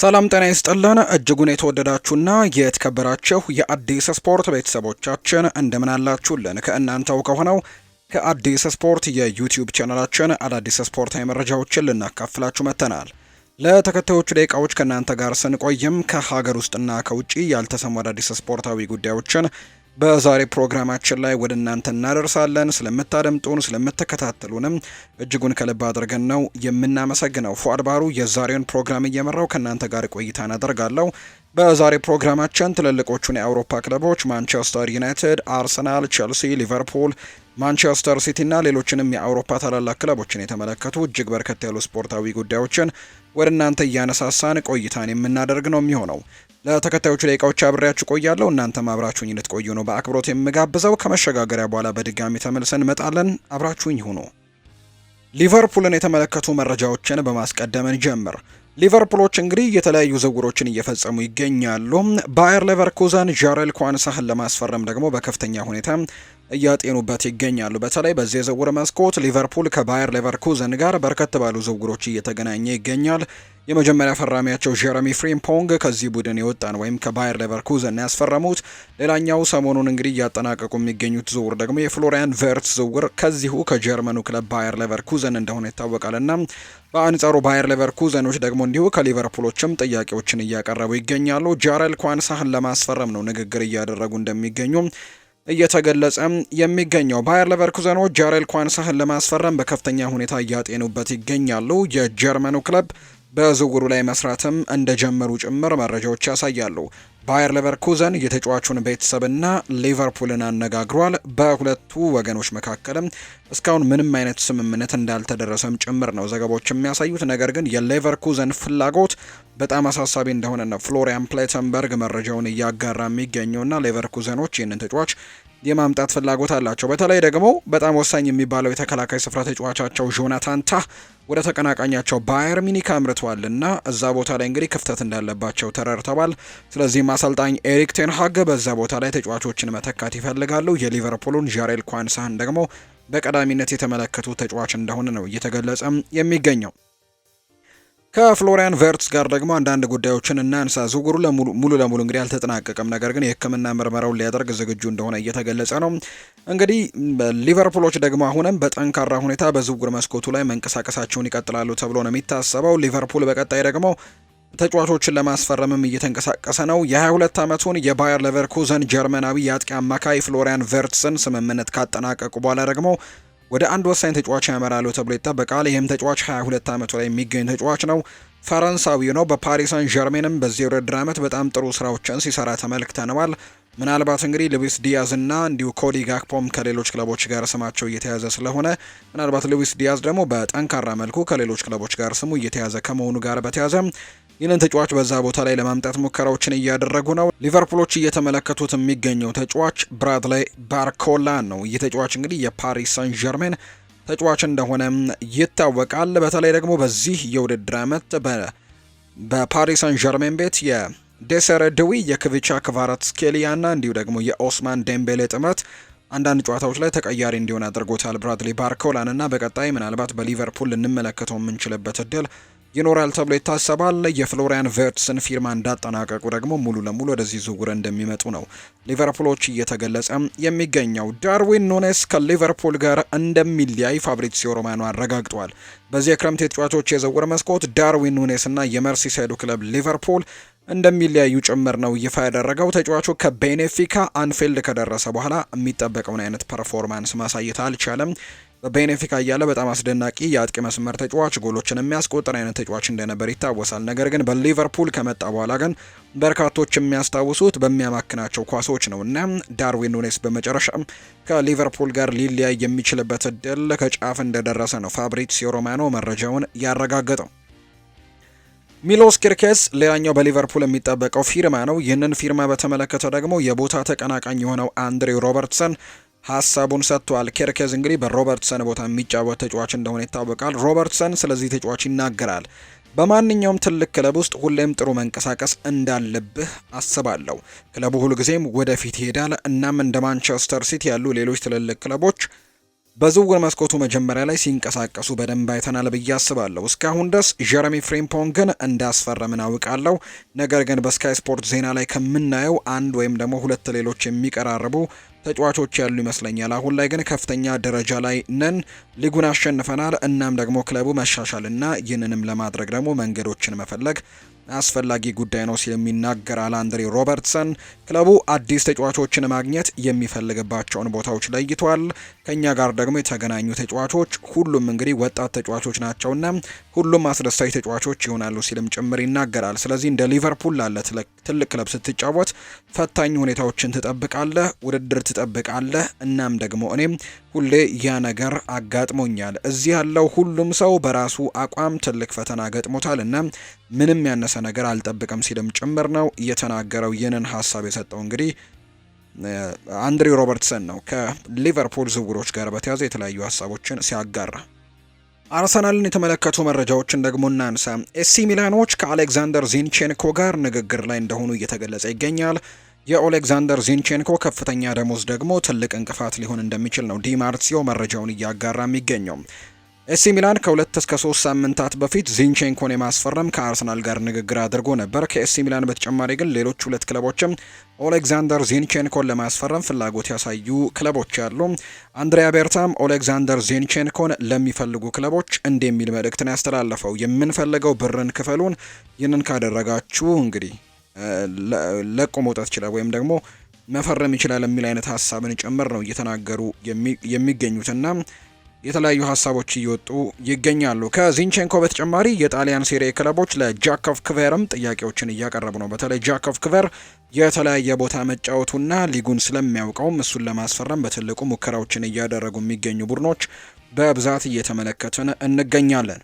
ሰላም ጤና ይስጥልን እጅጉን የተወደዳችሁና የተከበራችሁ የአዲስ ስፖርት ቤተሰቦቻችን እንደምን አላችሁልን? ከእናንተው ከሆነው ከአዲስ ስፖርት የዩቲዩብ ቻናላችን አዳዲስ ስፖርታዊ መረጃዎችን ልናካፍላችሁ መጥተናል። ለተከታዮቹ ደቂቃዎች ከእናንተ ጋር ስንቆይም ከሀገር ውስጥና ከውጭ ያልተሰሙ አዳዲስ ስፖርታዊ ጉዳዮችን በዛሬ ፕሮግራማችን ላይ ወደ እናንተ እናደርሳለን። ስለምታደምጡን ስለምትከታተሉንም እጅጉን ከልብ አድርገን ነው የምናመሰግነው። ፏድ ባሩ የዛሬውን ፕሮግራም እየመራው ከእናንተ ጋር ቆይታን አደርጋለሁ። በዛሬ ፕሮግራማችን ትልልቆቹን የአውሮፓ ክለቦች ማንቸስተር ዩናይትድ፣ አርሰናል፣ ቼልሲ፣ ሊቨርፑል፣ ማንቸስተር ሲቲ እና ሌሎችንም የአውሮፓ ታላላቅ ክለቦችን የተመለከቱ እጅግ በርከት ያሉ ስፖርታዊ ጉዳዮችን ወደ እናንተ እያነሳሳን ቆይታን የምናደርግ ነው የሚሆነው። ለተከታዮቹ ደቂቃዎች አብሬያችሁ ቆያለሁ። እናንተም አብራችሁኝ ልትቆዩ ነው በአክብሮት የምጋብዘው። ከመሸጋገሪያ በኋላ በድጋሚ ተመልሰን እንመጣለን። አብራችሁኝ ሁኑ። ሊቨርፑልን የተመለከቱ መረጃዎችን በማስቀደምን ጀምር። ሊቨርፑሎች እንግዲህ የተለያዩ ዝውውሮችን እየፈጸሙ ይገኛሉ። ባየር ሌቨርኩዘን ዣረል ኳንሳህን ለማስፈረም ደግሞ በከፍተኛ ሁኔታ እያጤኑበት ይገኛሉ። በተለይ በዚህ የዝውውር መስኮት ሊቨርፑል ከባየር ሌቨርኩዘን ጋር በርከት ባሉ ዝውውሮች እየተገናኘ ይገኛል። የመጀመሪያ ፈራሚያቸው ጀረሚ ፍሪምፖንግ ከዚህ ቡድን የወጣን ወይም ከባየር ሌቨርኩዘን ያስፈረሙት። ሌላኛው ሰሞኑን እንግዲህ እያጠናቀቁ የሚገኙት ዝውውር ደግሞ የፍሎሪያን ቨርት ዝውውር ከዚሁ ከጀርመኑ ክለብ ባየር ሌቨርኩዘን እንደሆነ ና በአንጻሩ ባየር ሌቨርኩዘኖች ደግሞ እንዲሁ ከሊቨርፑሎችም ጥያቄዎችን እያቀረቡ ይገኛሉ። ጃረል ኳንሳህን ለማስፈረም ነው ንግግር እያደረጉ እንደሚገኙ እየተገለጸ የሚገኘው ባየር ሌቨርኩዘኖች ጃሬል ኳንሳህን ለማስፈረም በከፍተኛ ሁኔታ እያጤኑበት ይገኛሉ። የጀርመኑ ክለብ በዝውውሩ ላይ መስራትም እንደጀመሩ ጭምር መረጃዎች ያሳያሉ። ባየር ሌቨርኩዘን የተጫዋቹን ቤተሰብና ሊቨርፑልን አነጋግሯል። በሁለቱ ወገኖች መካከልም እስካሁን ምንም አይነት ስምምነት እንዳልተደረሰም ጭምር ነው ዘገባዎች የሚያሳዩት። ነገር ግን የሌቨርኩዘን ፍላጎት በጣም አሳሳቢ እንደሆነ ነው ፍሎሪያን ፕሌተንበርግ መረጃውን እያጋራ የሚገኘውና ሌቨርኩዘኖች ይህንን ተጫዋች የማምጣት ፍላጎት አላቸው። በተለይ ደግሞ በጣም ወሳኝ የሚባለው የተከላካይ ስፍራ ተጫዋቻቸው ጆናታን ታ ወደ ተቀናቃኛቸው ባየር ሚኒክ አምርተዋል እና እዛ ቦታ ላይ እንግዲህ ክፍተት እንዳለባቸው ተረድተዋል። ስለዚህም አሰልጣኝ ኤሪክ ቴንሃግ በዛ ቦታ ላይ ተጫዋቾችን መተካት ይፈልጋሉ። የሊቨርፑሉን ዣሬል ኳንሳህን ደግሞ በቀዳሚነት የተመለከቱ ተጫዋች እንደሆነ ነው እየተገለጸም የሚገኘው። ከፍሎሪያን ቨርትስ ጋር ደግሞ አንዳንድ ጉዳዮችን እናንሳ። ዝውውሩ ሙሉ ለሙሉ እንግዲህ አልተጠናቀቀም፣ ነገር ግን የሕክምና ምርመራውን ሊያደርግ ዝግጁ እንደሆነ እየተገለጸ ነው። እንግዲህ ሊቨርፑሎች ደግሞ አሁንም በጠንካራ ሁኔታ በዝውውር መስኮቱ ላይ መንቀሳቀሳቸውን ይቀጥላሉ ተብሎ ነው የሚታሰበው። ሊቨርፑል በቀጣይ ደግሞ ተጫዋቾችን ለማስፈረምም እየተንቀሳቀሰ ነው። የ22 ዓመቱን የባየር ሌቨርኩዘን ጀርመናዊ የአጥቂ አማካይ ፍሎሪያን ቨርትስን ስምምነት ካጠናቀቁ በኋላ ደግሞ ወደ አንድ ወሳኝ ተጫዋች ያመራሉ ተብሎ ይጠበቃል። ይህም ተጫዋች 22 ዓመቱ ላይ የሚገኝ ተጫዋች ነው። ፈረንሳዊው ነው። በፓሪስ ሳን ዠርሜንም በዚህ ውድድር ዓመት በጣም ጥሩ ስራዎችን ሲሰራ ተመልክተነዋል። ምናልባት እንግዲህ ልዊስ ዲያዝ እና እንዲሁ ኮዲ ጋክፖም ከሌሎች ክለቦች ጋር ስማቸው እየተያዘ ስለሆነ ምናልባት ልዊስ ዲያዝ ደግሞ በጠንካራ መልኩ ከሌሎች ክለቦች ጋር ስሙ እየተያዘ ከመሆኑ ጋር በተያዘ ይህንን ተጫዋች በዛ ቦታ ላይ ለማምጣት ሙከራዎችን እያደረጉ ነው። ሊቨርፑሎች እየተመለከቱት የሚገኘው ተጫዋች ብራድላይ ባርኮላን ነው። ይህ ተጫዋች እንግዲህ የፓሪስ ሳን ጀርሜን ተጫዋች እንደሆነ ይታወቃል። በተለይ ደግሞ በዚህ የውድድር ዓመት በፓሪስ ሳን ጀርሜን ቤት የዴሰረ ድዊ፣ የክቪቻ ክቫራትስኬሊያ ና እንዲሁ ደግሞ የኦስማን ዴምቤሌ ጥምረት አንዳንድ ጨዋታዎች ላይ ተቀያሪ እንዲሆን አድርጎታል። ብራድሊ ባርኮላን እና በቀጣይ ምናልባት በሊቨርፑል ልንመለከተው የምንችልበት እድል ይኖራል ተብሎ ይታሰባል። የፍሎሪያን ቨርትስን ፊርማ እንዳጠናቀቁ ደግሞ ሙሉ ለሙሉ ወደዚህ ዝውውር እንደሚመጡ ነው ሊቨርፑሎች እየተገለጸ የሚገኘው። ዳርዊን ኑኔስ ከሊቨርፑል ጋር እንደሚለያይ ፋብሪሲዮ ሮማኖ አረጋግጧል። በዚህ የክረምት የተጫዋቾች የዝውውር መስኮት ዳርዊን ኑኔስ ኑኔስና የመርሲሳይዱ ክለብ ሊቨርፑል እንደሚለያዩ ጭምር ነው ይፋ ያደረገው። ተጫዋቹ ከቤኔፊካ አንፊልድ ከደረሰ በኋላ የሚጠበቀውን አይነት ፐርፎርማንስ ማሳየት አልቻለም። በቤኔፊካ እያለ በጣም አስደናቂ የአጥቂ መስመር ተጫዋች ጎሎችን የሚያስቆጥር አይነት ተጫዋች እንደነበር ይታወሳል። ነገር ግን በሊቨርፑል ከመጣ በኋላ ግን በርካቶች የሚያስታውሱት በሚያማክናቸው ኳሶች ነው እና ዳርዊን ኑኔስ በመጨረሻ ከሊቨርፑል ጋር ሊለያይ የሚችልበት እድል ከጫፍ እንደደረሰ ነው ፋብሪዚዮ ሮማኖ መረጃውን ያረጋገጠው። ሚሎስ ኪርኬስ ሌላኛው በሊቨርፑል የሚጠበቀው ፊርማ ነው። ይህንን ፊርማ በተመለከተ ደግሞ የቦታ ተቀናቃኝ የሆነው አንድሬው ሮበርትሰን ሀሳቡን ሰጥቷል። ኬርኬዝ እንግዲህ በሮበርትሰን ቦታ የሚጫወት ተጫዋች እንደሆነ ይታወቃል። ሮበርትሰን ስለዚህ ተጫዋች ይናገራል። በማንኛውም ትልቅ ክለብ ውስጥ ሁሌም ጥሩ መንቀሳቀስ እንዳለብህ አስባለሁ። ክለቡ ሁልጊዜም ወደፊት ይሄዳል። እናም እንደ ማንቸስተር ሲቲ ያሉ ሌሎች ትልልቅ ክለቦች በዝውውር መስኮቱ መጀመሪያ ላይ ሲንቀሳቀሱ በደንብ አይተናል ብዬ አስባለሁ። እስካሁን ድረስ ጀረሚ ፍሪምፖንግን እንዳስፈረምን አውቃለሁ። ነገር ግን በስካይ ስፖርት ዜና ላይ ከምናየው አንድ ወይም ደግሞ ሁለት ሌሎች የሚቀራርቡ ተጫዋቾች ያሉ ይመስለኛል። አሁን ላይ ግን ከፍተኛ ደረጃ ላይ ነን። ሊጉን አሸንፈናል። እናም ደግሞ ክለቡ መሻሻልና ይህንንም ለማድረግ ደግሞ መንገዶችን መፈለግ አስፈላጊ ጉዳይ ነው ሲል የሚናገር አላንድሪ ሮበርትሰን ክለቡ አዲስ ተጫዋቾችን ማግኘት የሚፈልግባቸውን ቦታዎች ለይቷል። ከኛ ጋር ደግሞ የተገናኙ ተጫዋቾች ሁሉም እንግዲህ ወጣት ተጫዋቾች ናቸውና ሁሉም አስደሳች ተጫዋቾች ይሆናሉ ሲልም ጭምር ይናገራል። ስለዚህ እንደ ሊቨርፑል ላለ ትልቅ ክለብ ስትጫወት ፈታኝ ሁኔታዎችን ትጠብቃለህ፣ ውድድር ትጠብቃለህ። እናም ደግሞ እኔም ሁሌ ያ ነገር አጋጥሞኛል። እዚህ ያለው ሁሉም ሰው በራሱ አቋም ትልቅ ፈተና ገጥሞታል እና ምንም ያነሰ ነገር አልጠብቅም ሲልም ጭምር ነው እየተናገረው። ይህንን ሀሳብ የሰጠው እንግዲህ አንድሪ ሮበርትሰን ነው ከሊቨርፑል ዝውውሮች ጋር በተያዘ የተለያዩ ሀሳቦችን ሲያጋራ። አርሰናልን የተመለከቱ መረጃዎችን ደግሞ እናንሳ። ኤሲ ሚላኖች ከአሌክዛንደር ዚንቼንኮ ጋር ንግግር ላይ እንደሆኑ እየተገለጸ ይገኛል። የኦሌክዛንደር ዚንቼንኮ ከፍተኛ ደሞዝ ደግሞ ትልቅ እንቅፋት ሊሆን እንደሚችል ነው ዲማርሲዮ መረጃውን እያጋራ የሚገኘው። ኤሲ ሚላን ከሁለት እስከ ሶስት ሳምንታት በፊት ዚንቼንኮን የማስፈረም ከአርሰናል ጋር ንግግር አድርጎ ነበር። ከኤሲ ሚላን በተጨማሪ ግን ሌሎች ሁለት ክለቦችም ኦሌክዛንደር ዚንቼንኮን ለማስፈረም ፍላጎት ያሳዩ ክለቦች አሉ። አንድሪያ ቤርታም ኦሌክዛንደር ዚንቼንኮን ለሚፈልጉ ክለቦች እንዲህ የሚል መልእክትን ያስተላለፈው፣ የምንፈልገው ብርን ክፈሉን፣ ይህንን ካደረጋችሁ እንግዲህ ለቆ መውጣት ይችላል ወይም ደግሞ መፈረም ይችላል የሚል አይነት ሀሳብን ጭምር ነው እየተናገሩ የሚገኙትና የተለያዩ ሀሳቦች እየወጡ ይገኛሉ። ከዚንቼንኮ በተጨማሪ የጣሊያን ሴሪ ክለቦች ለጃኮቭ ክቨርም ጥያቄዎችን እያቀረቡ ነው። በተለይ ጃኮቭ ክቨር የተለያየ ቦታ መጫወቱና ሊጉን ስለሚያውቀውም እሱን ለማስፈረም በትልቁ ሙከራዎችን እያደረጉ የሚገኙ ቡድኖች በብዛት እየተመለከትን እንገኛለን።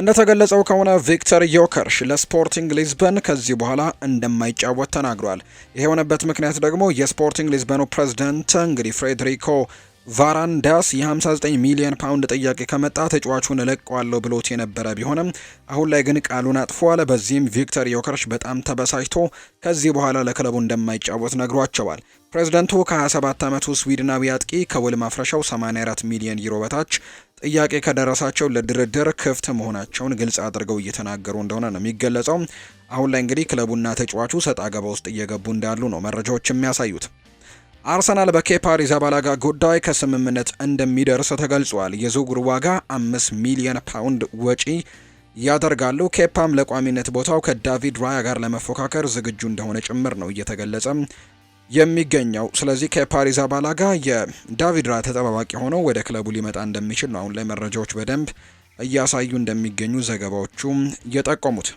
እንደተገለጸው ከሆነ ቪክተር ዮከርሽ ለስፖርቲንግ ሊዝበን ከዚህ በኋላ እንደማይጫወት ተናግሯል። ይህ የሆነበት ምክንያት ደግሞ የስፖርቲንግ ሊዝበኑ ፕሬዚደንት እንግዲህ ፍሬድሪኮ ቫራንዳስ የ59 ሚሊዮን ፓውንድ ጥያቄ ከመጣ ተጫዋቹን እለቀዋለሁ ብሎት የነበረ ቢሆንም አሁን ላይ ግን ቃሉን አጥፏል። በዚህም ቪክተር ዮከርሽ በጣም ተበሳጭቶ ከዚህ በኋላ ለክለቡ እንደማይጫወት ነግሯቸዋል። ፕሬዝደንቱ ከ27 ዓመቱ ስዊድናዊ አጥቂ ከውል ማፍረሻው 84 ሚሊዮን ዩሮ በታች ጥያቄ ከደረሳቸው ለድርድር ክፍት መሆናቸውን ግልጽ አድርገው እየተናገሩ እንደሆነ ነው የሚገለጸው። አሁን ላይ እንግዲህ ክለቡና ተጫዋቹ ሰጣ አገባ ውስጥ እየገቡ እንዳሉ ነው መረጃዎች የሚያሳዩት። አርሰናል በኬፓ አሪዛባላጋ ጉዳይ ከስምምነት እንደሚደርስ ተገልጿል። የዝውውር ዋጋ አምስት ሚሊዮን ፓውንድ ወጪ ያደርጋሉ። ኬፓም ለቋሚነት ቦታው ከዳቪድ ራያ ጋር ለመፎካከር ዝግጁ እንደሆነ ጭምር ነው እየተገለጸ የሚገኘው። ስለዚህ ከፓሪዝ አባላ ጋር የዳቪድ ራ ተጠባባቂ ሆነው ወደ ክለቡ ሊመጣ እንደሚችል ነው አሁን ላይ መረጃዎች በደንብ እያሳዩ እንደሚገኙ ዘገባዎቹም የጠቆሙት።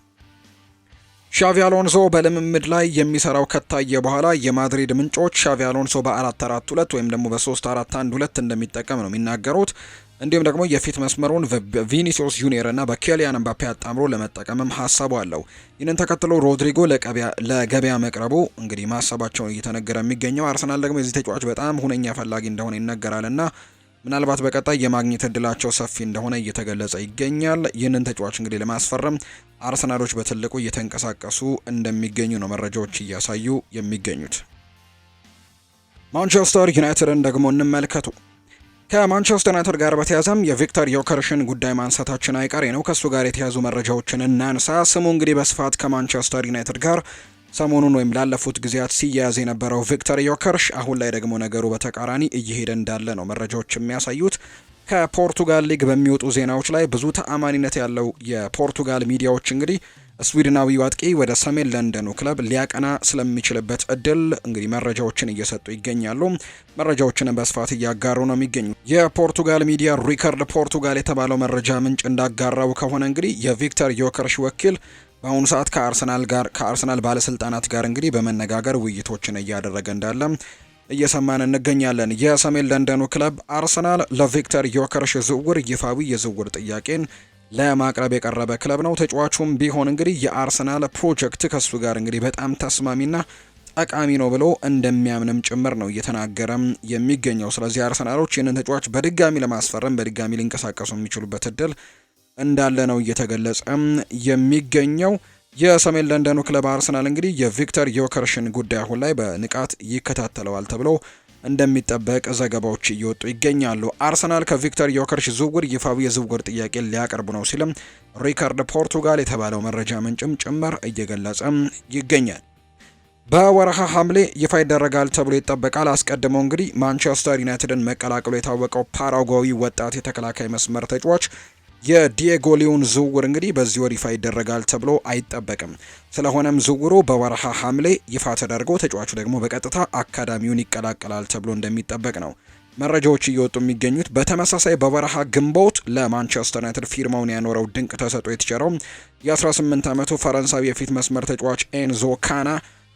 ሻቪ አሎንሶ በልምምድ ላይ የሚሰራው ከታየ በኋላ የማድሪድ ምንጮች ሻቪ አሎንሶ በ442 ወይም ደግሞ በ341 እንደሚጠቀም ነው የሚናገሩት። እንዲሁም ደግሞ የፊት መስመሩን ቪኒሲዮስ ጁኒየር እና በኬሊያን ምባፔ አጣምሮ ለመጠቀምም ሀሳቡ አለው። ይህንን ተከትሎ ሮድሪጎ ለገበያ መቅረቡ እንግዲህ ማሰባቸውን እየተነገረ የሚገኘው አርሰናል ደግሞ የዚህ ተጫዋች በጣም ሁነኛ ፈላጊ እንደሆነ ይነገራል እና ምናልባት በቀጣይ የማግኘት እድላቸው ሰፊ እንደሆነ እየተገለጸ ይገኛል። ይህንን ተጫዋች እንግዲህ ለማስፈረም አርሰናሎች በትልቁ እየተንቀሳቀሱ እንደሚገኙ ነው መረጃዎች እያሳዩ የሚገኙት። ማንቸስተር ዩናይትድን ደግሞ እንመልከቱ። ከማንቸስተር ዩናይትድ ጋር በተያዘም የቪክተር ዮከርሽን ጉዳይ ማንሳታችን አይቀሬ ነው። ከእሱ ጋር የተያዙ መረጃዎችን እናንሳ። ስሙ እንግዲህ በስፋት ከማንቸስተር ዩናይትድ ጋር ሰሞኑን ወይም ላለፉት ጊዜያት ሲያያዝ የነበረው ቪክተር ዮከርሽ አሁን ላይ ደግሞ ነገሩ በተቃራኒ እየሄደ እንዳለ ነው መረጃዎች የሚያሳዩት። ከፖርቱጋል ሊግ በሚወጡ ዜናዎች ላይ ብዙ ተአማኒነት ያለው የፖርቱጋል ሚዲያዎች እንግዲህ ስዊድናዊው አጥቂ ወደ ሰሜን ለንደኑ ክለብ ሊያቀና ስለሚችልበት እድል እንግዲህ መረጃዎችን እየሰጡ ይገኛሉ። መረጃዎችንም በስፋት እያጋሩ ነው የሚገኙ። የፖርቱጋል ሚዲያ ሪከርድ ፖርቱጋል የተባለው መረጃ ምንጭ እንዳጋራው ከሆነ እንግዲህ የቪክተር ዮከርሽ ወኪል በአሁኑ ሰዓት ከአርሰናል ጋር ከአርሰናል ባለስልጣናት ጋር እንግዲህ በመነጋገር ውይይቶችን እያደረገ እንዳለ እየሰማን እንገኛለን። የሰሜን ለንደኑ ክለብ አርሰናል ለቪክተር ዮከርሽ ዝውውር ይፋዊ የዝውውር ጥያቄን ለማቅረብ የቀረበ ክለብ ነው። ተጫዋቹም ቢሆን እንግዲህ የአርሰናል ፕሮጀክት ከሱ ጋር እንግዲህ በጣም ተስማሚና ጠቃሚ ነው ብሎ እንደሚያምንም ጭምር ነው እየተናገረም የሚገኘው። ስለዚህ አርሰናሎች ይህንን ተጫዋች በድጋሚ ለማስፈረም በድጋሚ ሊንቀሳቀሱ የሚችሉበት እድል እንዳለ ነው እየተገለጸም የሚገኘው። የሰሜን ለንደኑ ክለብ አርሰናል እንግዲህ የቪክተር ዮከርሽን ጉዳይ አሁን ላይ በንቃት ይከታተለዋል ተብሎ እንደሚጠበቅ ዘገባዎች እየወጡ ይገኛሉ። አርሰናል ከቪክተር ዮከርሽ ዝውውር ይፋዊ የዝውውር ጥያቄ ሊያቀርቡ ነው ሲልም ሪካርድ ፖርቱጋል የተባለው መረጃ ምንጭም ጭምር እየገለጸ ይገኛል። በወረሃ ሐምሌ ይፋ ይደረጋል ተብሎ ይጠበቃል። አስቀድሞ እንግዲህ ማንቸስተር ዩናይትድን መቀላቀሉ የታወቀው ፓራጓዊ ወጣት የተከላካይ መስመር ተጫዋች የዲየጎ ሊዮን ዝውውር እንግዲህ በዚህ ወር ይፋ ይደረጋል ተብሎ አይጠበቅም። ስለሆነም ዝውውሩ በወርሃ ሐምሌ ይፋ ተደርጎ ተጫዋቹ ደግሞ በቀጥታ አካዳሚውን ይቀላቀላል ተብሎ እንደሚጠበቅ ነው መረጃዎች እየወጡ የሚገኙት። በተመሳሳይ በወርሃ ግንቦት ለማንቸስተር ዩናይትድ ፊርማውን ያኖረው ድንቅ ተሰጥኦ የተቸረው የ18 ዓመቱ ፈረንሳዊ የፊት መስመር ተጫዋች ኤንዞ ካና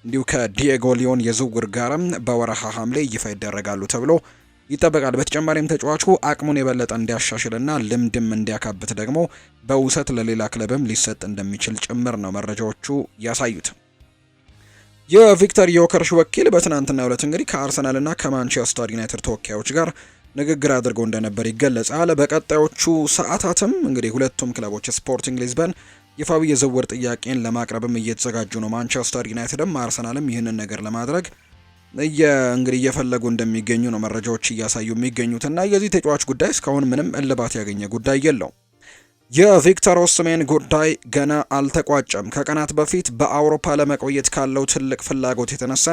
እንዲሁ ከዲየጎ ሊዮን የዝውውር ጋርም በወርሃ ሐምሌ ይፋ ይደረጋሉ ተብሎ ይጠበቃል። በተጨማሪም ተጫዋቹ አቅሙን የበለጠ እንዲያሻሽልና ልምድም እንዲያካብት ደግሞ በውሰት ለሌላ ክለብም ሊሰጥ እንደሚችል ጭምር ነው መረጃዎቹ ያሳዩት። የቪክተር ዮከርሽ ወኪል በትናንትናው ዕለት እንግዲህ ከአርሰናልና ከማንቸስተር ዩናይትድ ተወካዮች ጋር ንግግር አድርጎ እንደነበር ይገለጻል። በቀጣዮቹ ሰዓታትም እንግዲህ ሁለቱም ክለቦች ስፖርቲንግ ሊዝበን ይፋዊ የዝውውር ጥያቄን ለማቅረብም እየተዘጋጁ ነው። ማንቸስተር ዩናይትድም አርሰናልም ይህንን ነገር ለማድረግ እንግዲህ እየፈለጉ እንደሚገኙ ነው መረጃዎች እያሳዩ እና የዚህ ተጫዋች ጉዳይ እስካሁን ምንም እልባት ያገኘ ጉዳይ የለው። የቪክተር ኦስሜን ጉዳይ ገና አልተቋጨም። ከቀናት በፊት በአውሮፓ ለመቆየት ካለው ትልቅ ፍላጎት የተነሳ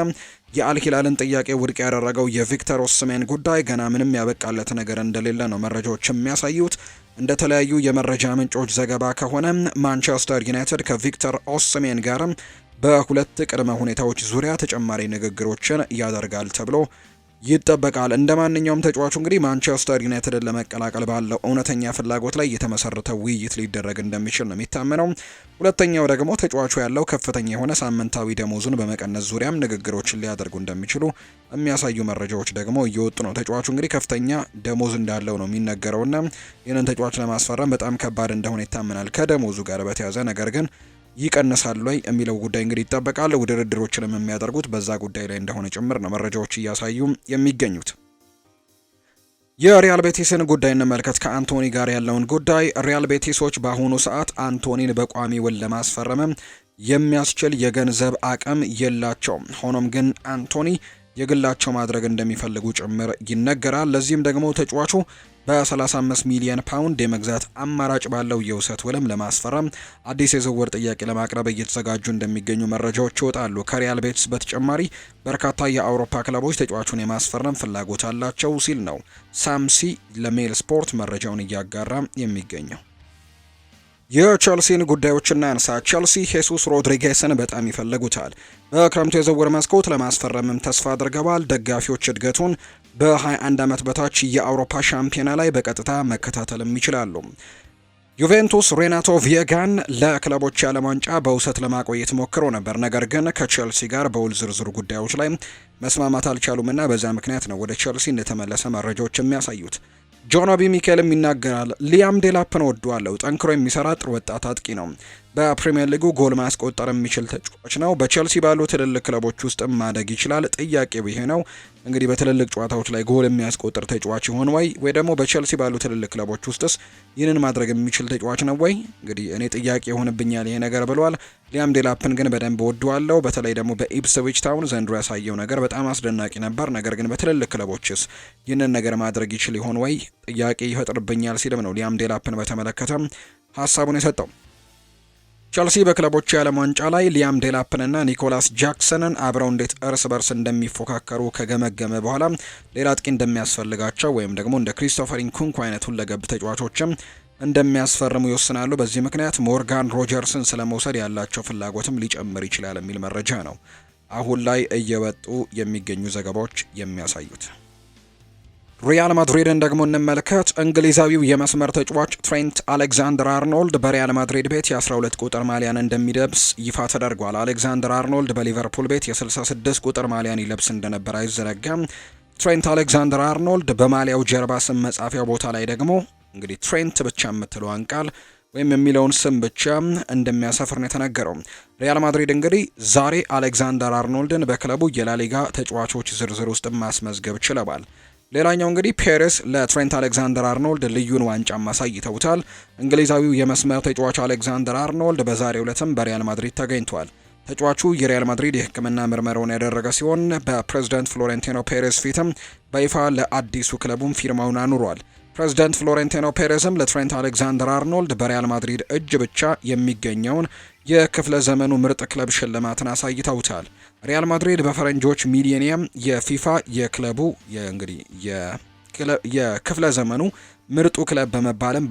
የአልሂላልን ጥያቄ ውድቅ ያደረገው የቪክተር ኦስሜን ጉዳይ ገና ምንም ያበቃለት ነገር እንደሌለ ነው መረጃዎች የሚያሳዩት። እንደተለያዩ የመረጃ ምንጮች ዘገባ ከሆነ ማንቸስተር ዩናይትድ ከቪክተር ኦስሜን ጋርም በሁለት ቅድመ ሁኔታዎች ዙሪያ ተጨማሪ ንግግሮችን ያደርጋል ተብሎ ይጠበቃል። እንደ ማንኛውም ተጫዋቹ እንግዲህ ማንቸስተር ዩናይትድን ለመቀላቀል ባለው እውነተኛ ፍላጎት ላይ የተመሰረተ ውይይት ሊደረግ እንደሚችል ነው የሚታመነው። ሁለተኛው ደግሞ ተጫዋቹ ያለው ከፍተኛ የሆነ ሳምንታዊ ደሞዙን በመቀነስ ዙሪያም ንግግሮችን ሊያደርጉ እንደሚችሉ የሚያሳዩ መረጃዎች ደግሞ እየወጡ ነው። ተጫዋቹ እንግዲህ ከፍተኛ ደሞዝ እንዳለው ነው የሚነገረውና ይህንን ተጫዋች ለማስፈረም በጣም ከባድ እንደሆነ ይታመናል ከደሞዙ ጋር በተያያዘ ነገር ግን ይቀንሳሉ ወይ የሚለው ጉዳይ እንግዲህ ይጠበቃል። ድርድሮችንም የሚያደርጉት በዛ ጉዳይ ላይ እንደሆነ ጭምር ነው መረጃዎች እያሳዩ የሚገኙት። የሪያል ቤቲስን ጉዳይ እንመልከት። ከአንቶኒ ጋር ያለውን ጉዳይ ሪያል ቤቲሶች በአሁኑ ሰዓት አንቶኒን በቋሚ ውል ለማስፈረምም የሚያስችል የገንዘብ አቅም የላቸውም። ሆኖም ግን አንቶኒ የግላቸው ማድረግ እንደሚፈልጉ ጭምር ይነገራል። ለዚህም ደግሞ ተጫዋቹ በ35 ሚሊዮን ፓውንድ የመግዛት አማራጭ ባለው የውሰት ውልም ለማስፈረም አዲስ የዝውውር ጥያቄ ለማቅረብ እየተዘጋጁ እንደሚገኙ መረጃዎች ይወጣሉ። ከሪያል ቤትስ በተጨማሪ በርካታ የአውሮፓ ክለቦች ተጫዋቹን የማስፈረም ፍላጎት አላቸው ሲል ነው ሳምሲ ለሜል ስፖርት መረጃውን እያጋራ የሚገኘው። የቸልሲን ጉዳዮችና እናንሳ። ቸልሲ ሄሱስ ሮድሪጌስን በጣም ይፈልጉታል። በክረምቱ የዝውውር መስኮት ለማስፈረምም ተስፋ አድርገዋል። ደጋፊዎች እድገቱን በ21 ዓመት በታች የአውሮፓ ሻምፒዮና ላይ በቀጥታ መከታተልም ይችላሉ። ዩቬንቱስ ሬናቶ ቪየጋን ለክለቦች የዓለም ዋንጫ በውሰት ለማቆየት ሞክሮ ነበር። ነገር ግን ከቸልሲ ጋር በውል ዝርዝር ጉዳዮች ላይ መስማማት አልቻሉምና በዛ ምክንያት ነው ወደ ቸልሲ እንደተመለሰ መረጃዎች የሚያሳዩት። ጆን ኦቢ ሚኬልም ይናገራል። ሊያም ዴላፕን ወዷለሁ። ጠንክሮ የሚሰራ ጥሩ ወጣት አጥቂ ነው። በፕሪምየር ሊጉ ጎል ማስቆጠር የሚችል ተጫዋች ነው። በቼልሲ ባሉ ትልልቅ ክለቦች ውስጥ ማደግ ይችላል። ጥያቄው ይሄ ነው እንግዲህ በትልልቅ ጨዋታዎች ላይ ጎል የሚያስቆጥር ተጫዋች ይሆን ወይ ወይ ደግሞ በቼልሲ ባሉ ትልልቅ ክለቦች ውስጥስ ይህንን ማድረግ የሚችል ተጫዋች ነው ወይ? እንግዲህ እኔ ጥያቄ ይሆንብኛል ይሄ ነገር ብሏል። ሊያም ዴላፕን ግን በደንብ ወደዋለሁ። በተለይ ደግሞ በኢፕስዊች ታውን ዘንድሮ ያሳየው ነገር በጣም አስደናቂ ነበር። ነገር ግን በትልልቅ ክለቦችስ ይህንን ነገር ማድረግ ይችል ይሆን ወይ ጥያቄ ይፈጥርብኛል ሲልም ነው ሊያም ዴላፕን በተመለከተም ሀሳቡን የሰጠው። ቸልሲ በክለቦች የዓለም ዋንጫ ላይ ሊያም ዴላፕንና ኒኮላስ ጃክሰንን አብረው እንዴት እርስ በርስ እንደሚፎካከሩ ከገመገመ በኋላ ሌላ አጥቂ እንደሚያስፈልጋቸው ወይም ደግሞ እንደ ክሪስቶፈር ኢንኩንኩ አይነት ሁለገብ ተጫዋቾችም እንደሚያስፈርሙ ይወስናሉ። በዚህ ምክንያት ሞርጋን ሮጀርስን ስለመውሰድ ያላቸው ፍላጎትም ሊጨምር ይችላል የሚል መረጃ ነው አሁን ላይ እየወጡ የሚገኙ ዘገባዎች የሚያሳዩት። ሪያል ማድሪድን ደግሞ እንመልከት። እንግሊዛዊው የመስመር ተጫዋች ትሬንት አሌክዛንደር አርኖልድ በሪያል ማድሪድ ቤት የ12 ቁጥር ማሊያን እንደሚለብስ ይፋ ተደርጓል። አሌክዛንደር አርኖልድ በሊቨርፑል ቤት የ66 ቁጥር ማሊያን ይለብስ እንደነበር አይዘነጋም። ትሬንት አሌክዛንደር አርኖልድ በማሊያው ጀርባ ስም መጻፊያው ቦታ ላይ ደግሞ እንግዲህ ትሬንት ብቻ የምትለዋን ቃል ወይም የሚለውን ስም ብቻ እንደሚያሰፍር ነው የተነገረው። ሪያል ማድሪድ እንግዲህ ዛሬ አሌክዛንደር አርኖልድን በክለቡ የላሊጋ ተጫዋቾች ዝርዝር ውስጥ ማስመዝገብ ችለዋል። ሌላኛው እንግዲህ ፔሬስ ለትሬንት አሌክዛንደር አርኖልድ ልዩን ዋንጫ አሳይተውታል። እንግሊዛዊው የመስመር ተጫዋች አሌክዛንደር አርኖልድ በዛሬው ዕለትም በሪያል ማድሪድ ተገኝቷል። ተጫዋቹ የሪያል ማድሪድ የሕክምና ምርመራውን ያደረገ ሲሆን በፕሬዝዳንት ፍሎሬንቲኖ ፔሬስ ፊትም በይፋ ለአዲሱ ክለቡም ፊርማውን አኑሯል። ፕሬዝዳንት ፍሎሬንቲኖ ፔሬስም ለትሬንት አሌክዛንደር አርኖልድ በሪያል ማድሪድ እጅ ብቻ የሚገኘውን የክፍለ ዘመኑ ምርጥ ክለብ ሽልማትን አሳይተውታል። ሪያል ማድሪድ በፈረንጆች ሚሊኒየም የፊፋ የክለቡ እንግዲህ የክፍለ ዘመኑ ምርጡ ክለብ በመባልም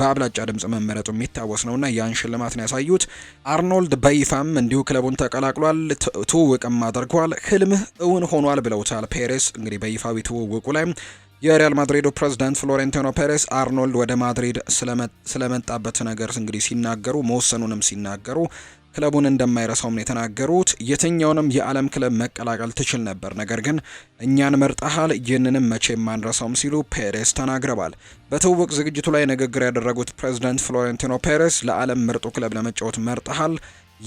በአብላጫ ድምፅ መመረጡ የሚታወስ ነውና ያን ሽልማትን ያሳዩት አርኖልድ በይፋም እንዲሁ ክለቡን ተቀላቅሏል፣ ትውውቅም አድርጓል። ህልምህ እውን ሆኗል ብለውታል ፔሬስ እንግዲህ በይፋዊ ትውውቁ ላይ የሪያል ማድሪዱ ፕሬዝዳንት ፍሎሬንቲኖ ፔሬስ አርኖልድ ወደ ማድሪድ ስለመጣበት ነገር እንግዲህ ሲናገሩ መወሰኑንም ሲናገሩ ክለቡን እንደማይረሳውም የተናገሩት። የትኛውንም የዓለም ክለብ መቀላቀል ትችል ነበር፣ ነገር ግን እኛን መርጠሃል፣ ይህንንም መቼ ማንረሳውም ሲሉ ፔሬስ ተናግረዋል። በትውውቅ ዝግጅቱ ላይ ንግግር ያደረጉት ፕሬዝዳንት ፍሎሬንቲኖ ፔሬስ ለዓለም ምርጡ ክለብ ለመጫወት መርጠሃል፣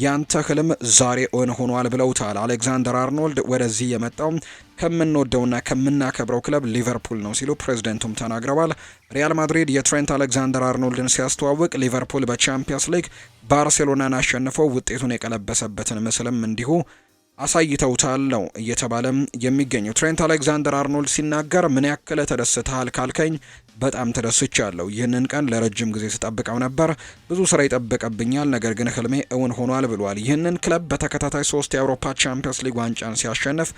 ያንተ ህልም ዛሬ እውን ሆኗል ብለውታል። አሌክዛንደር አርኖልድ ወደዚህ የመጣው ከምንወደውና ከምናከብረው ክለብ ሊቨርፑል ነው ሲሉ ፕሬዚደንቱም ተናግረዋል። ሪያል ማድሪድ የትሬንት አሌክዛንደር አርኖልድን ሲያስተዋውቅ ሊቨርፑል በቻምፒየንስ ሊግ ባርሴሎናን አሸንፈው ውጤቱን የቀለበሰበትን ምስልም እንዲሁ አሳይተውታል ነው እየተባለም የሚገኘው። ትሬንት አሌክዛንደር አርኖልድ ሲናገር ምን ያክል ተደስተሃል ካልከኝ በጣም ተደስቻለሁ። ይህንን ቀን ለረጅም ጊዜ ስጠብቀው ነበር። ብዙ ስራ ይጠብቅብኛል፣ ነገር ግን ህልሜ እውን ሆኗል ብሏል። ይህንን ክለብ በተከታታይ ሶስት የአውሮፓ ቻምፒየንስ ሊግ ዋንጫን ሲያሸንፍ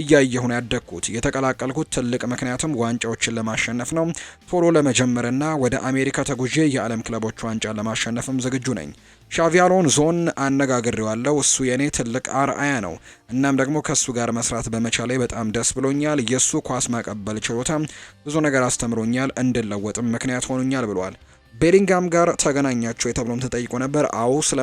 እያየሁ ነው ያደግኩት። የተቀላቀልኩት ትልቅ ምክንያትም ዋንጫዎችን ለማሸነፍ ነው። ቶሎ ለመጀመርና ወደ አሜሪካ ተጉዤ የዓለም ክለቦች ዋንጫ ለማሸነፍም ዝግጁ ነኝ። ሻቪ አሎንሶን አነጋግሬዋለሁ። እሱ የእኔ ትልቅ አርአያ ነው። እናም ደግሞ ከእሱ ጋር መስራት በመቻሌ በጣም ደስ ብሎኛል። የእሱ ኳስ ማቀበል ችሎታ ብዙ ነገር አስተምሮኛል፣ እንድለወጥም ምክንያት ሆኖኛል ብሏል። ቤሊንጋም ጋር ተገናኛቸው የተብሎም ተጠይቆ ነበር። አዎ ስለ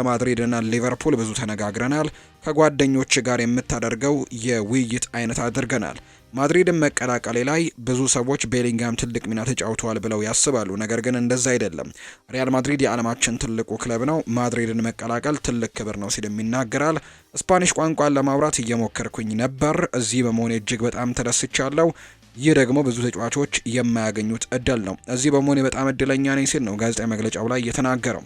እና ሊቨርፑል ብዙ ተነጋግረናል። ከጓደኞች ጋር የምታደርገው የውይይት አይነት አድርገናል። ማድሪድን መቀላቀሌ ላይ ብዙ ሰዎች ቤሊንጋም ትልቅ ሚና ተጫውተዋል ብለው ያስባሉ። ነገር ግን እንደዛ አይደለም። ሪያል ማድሪድ የዓለማችን ትልቁ ክለብ ነው። ማድሪድን መቀላቀል ትልቅ ክብር ነው ሲልም ይናገራል። ስፓኒሽ ቋንቋን ለማውራት እየሞከርኩኝ ነበር። እዚህ በመሆኔ እጅግ በጣም ተደስቻለሁ። ይህ ደግሞ ብዙ ተጫዋቾች የማያገኙት እድል ነው። እዚህ በመሆን በጣም እድለኛ ነኝ ሲል ነው ጋዜጣዊ መግለጫው ላይ የተናገረው።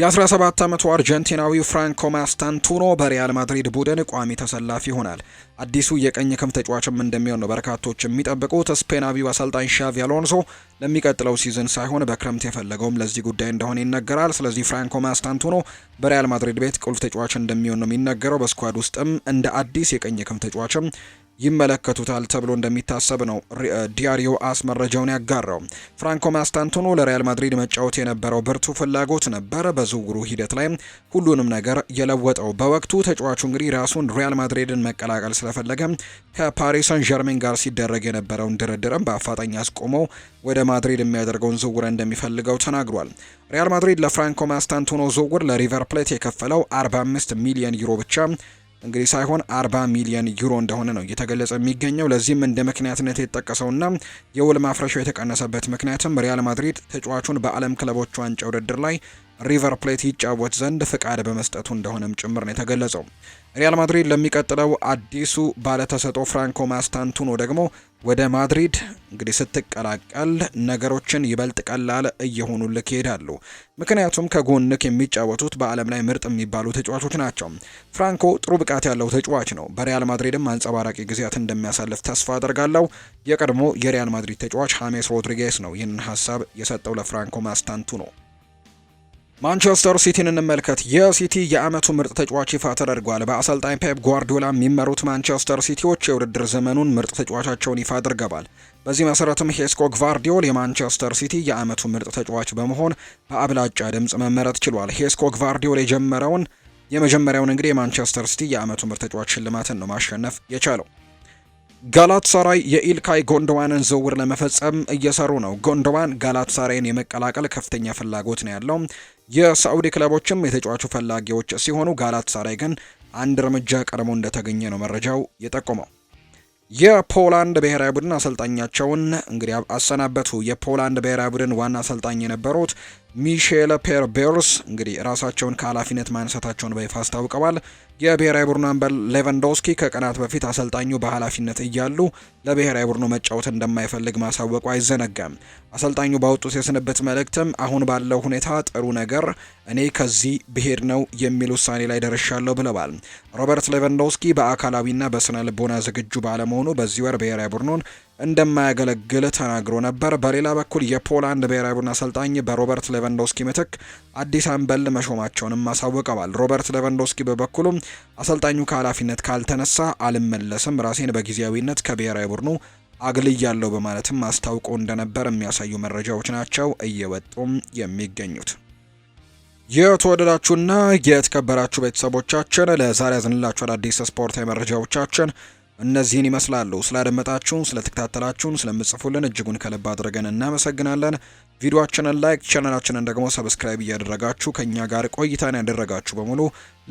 የ17 ዓመቱ አርጀንቲናዊው ፍራንኮ ማስታንቱኖ በሪያል ማድሪድ ቡድን ቋሚ ተሰላፊ ይሆናል። አዲሱ የቀኝ ክንፍ ተጫዋችም እንደሚሆን ነው በርካቶች የሚጠብቁት። ስፔናዊው አሰልጣኝ ሻቪ አሎንሶ ለሚቀጥለው ሲዝን ሳይሆን በክረምት የፈለገውም ለዚህ ጉዳይ እንደሆነ ይነገራል። ስለዚህ ፍራንኮ ማስታንቱኖ በሪያል ማድሪድ ቤት ቁልፍ ተጫዋች እንደሚሆን ነው የሚነገረው። በስኳድ ውስጥም እንደ አዲስ የቀኝ ክንፍ ተጫዋችም ይመለከቱታል ተብሎ እንደሚታሰብ ነው ዲያሪዮ አስ መረጃውን ያጋራው። ፍራንኮ ማስታንቶኖ ለሪያል ማድሪድ መጫወት የነበረው ብርቱ ፍላጎት ነበረ። በዝውውሩ ሂደት ላይ ሁሉንም ነገር የለወጠው በወቅቱ ተጫዋቹ እንግዲህ ራሱን ሪያል ማድሪድን መቀላቀል ስለፈለገ ከፓሪስ ሰን ዠርሜን ጋር ሲደረግ የነበረውን ድርድርም በአፋጣኝ አስቆመው ወደ ማድሪድ የሚያደርገውን ዝውውር እንደሚፈልገው ተናግሯል። ሪያል ማድሪድ ለፍራንኮ ማስታንቶኖ ዝውውር ለሪቨር ፕሌት የከፈለው 45 ሚሊዮን ዩሮ ብቻ እንግዲህ ሳይሆን 40 ሚሊዮን ዩሮ እንደሆነ ነው እየተገለጸ የሚገኘው። ለዚህም እንደ ምክንያትነት የተጠቀሰውና የውል ማፍረሻው የተቀነሰበት ምክንያትም ሪያል ማድሪድ ተጫዋቹን በዓለም ክለቦች ዋንጫ ውድድር ላይ ሪቨር ፕሌት ይጫወት ዘንድ ፍቃድ በመስጠቱ እንደሆነም ጭምር ነው የተገለጸው። ሪያል ማድሪድ ለሚቀጥለው አዲሱ ባለተሰጦ ፍራንኮ ማስታንቱኖ ደግሞ ወደ ማድሪድ እንግዲህ ስትቀላቀል ነገሮችን ይበልጥ ቀላል እየሆኑልክ ይሄዳሉ። ምክንያቱም ከጎንክ የሚጫወቱት በዓለም ላይ ምርጥ የሚባሉ ተጫዋቾች ናቸው። ፍራንኮ ጥሩ ብቃት ያለው ተጫዋች ነው። በሪያል ማድሪድም አንጸባራቂ ጊዜያት እንደሚያሳልፍ ተስፋ አደርጋለሁ። የቀድሞ የሪያል ማድሪድ ተጫዋች ሀሜስ ሮድሪጌስ ነው ይህንን ሀሳብ የሰጠው ለፍራንኮ ማስታንቱኖ ነው። ማንቸስተር ሲቲን እንመልከት። የሲቲ የአመቱ ምርጥ ተጫዋች ይፋ ተደርጓል። በአሰልጣኝ ፔፕ ጓርዲዮላ የሚመሩት ማንቸስተር ሲቲዎች የውድድር ዘመኑን ምርጥ ተጫዋቻቸውን ይፋ አድርገዋል። በዚህ መሰረትም ሄስኮ ግቫርዲዮል የማንቸስተር ሲቲ የአመቱ ምርጥ ተጫዋች በመሆን በአብላጫ ድምፅ መመረጥ ችሏል። ሄስኮ ግቫርዲዮል የጀመረውን የመጀመሪያውን እንግዲህ የማንቸስተር ሲቲ የአመቱ ምርጥ ተጫዋች ሽልማትን ነው ማሸነፍ የቻለው። ጋላት ሳራይ የኢልካይ ጎንደዋንን ዝውውር ለመፈጸም እየሰሩ ነው። ጎንደዋን ጋላት ሳራይን የመቀላቀል ከፍተኛ ፍላጎት ነው ያለው። የሳዑዲ ክለቦችም የተጫዋቹ ፈላጊዎች ሲሆኑ ጋላት ሳራይ ግን አንድ እርምጃ ቀድሞ እንደተገኘ ነው መረጃው የጠቆመው። የፖላንድ ብሔራዊ ቡድን አሰልጣኛቸውን እንግዲህ አሰናበቱ። የፖላንድ ብሔራዊ ቡድን ዋና አሰልጣኝ የነበሩት ሚሼል ፔርቤርስ እንግዲህ ራሳቸውን ከኃላፊነት ማንሳታቸውን በይፋ አስታውቀዋል። የብሔራዊ ቡድኑ አምበል ሌቫንዶስኪ ከቀናት በፊት አሰልጣኙ በኃላፊነት እያሉ ለብሔራዊ ቡድኑ መጫወት እንደማይፈልግ ማሳወቁ አይዘነጋም። አሰልጣኙ ባወጡት የስንብት መልእክትም አሁን ባለው ሁኔታ ጥሩ ነገር እኔ ከዚህ ብሄድ ነው የሚል ውሳኔ ላይ ደርሻለሁ ብለዋል። ሮበርት ሌቫንዶስኪ በአካላዊና በስነ ልቦና ዝግጁ ባለመሆኑ በዚህ ወር ብሔራዊ ቡድኑን እንደማያገለግል ተናግሮ ነበር። በሌላ በኩል የፖላንድ ብሔራዊ ቡድን አሰልጣኝ በሮበርት ሌቫንዶስኪ ምትክ አዲስ አምበል መሾማቸውንም አሳውቀዋል። ሮበርት ሌቫንዶስኪ በበኩሉም አሰልጣኙ ከኃላፊነት ካልተነሳ አልመለስም፣ ራሴን በጊዜያዊነት ከብሔራዊ ቡድኑ አግልያለሁ በማለትም አስታውቆ እንደነበር የሚያሳዩ መረጃዎች ናቸው እየወጡም የሚገኙት። የተወደዳችሁና የተከበራችሁ ቤተሰቦቻችን ለዛሬ ያዝንላችሁ አዳዲስ ስፖርታዊ መረጃዎቻችን እነዚህን ይመስላሉ። ስላደመጣችሁን፣ ስለተከታተላችሁን፣ ስለምጽፉልን እጅጉን ከልብ አድርገን እናመሰግናለን። ቪዲዮአችንን ላይክ ቻናላችንን ደግሞ ሰብስክራይብ እያደረጋችሁ ከእኛ ጋር ቆይታን ያደረጋችሁ በሙሉ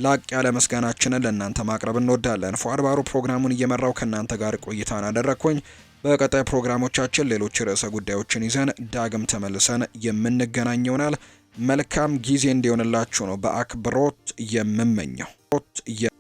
ላቅ ያለ ምስጋናችንን ለእናንተ ማቅረብ እንወዳለን። ፏድ ባሩ ፕሮግራሙን እየመራው ከእናንተ ጋር ቆይታን አደረግኩኝ። በቀጣይ ፕሮግራሞቻችን ሌሎች ርዕሰ ጉዳዮችን ይዘን ዳግም ተመልሰን የምንገናኝ ይሆናል። መልካም ጊዜ እንዲሆንላችሁ ነው በአክብሮት የምመኘው።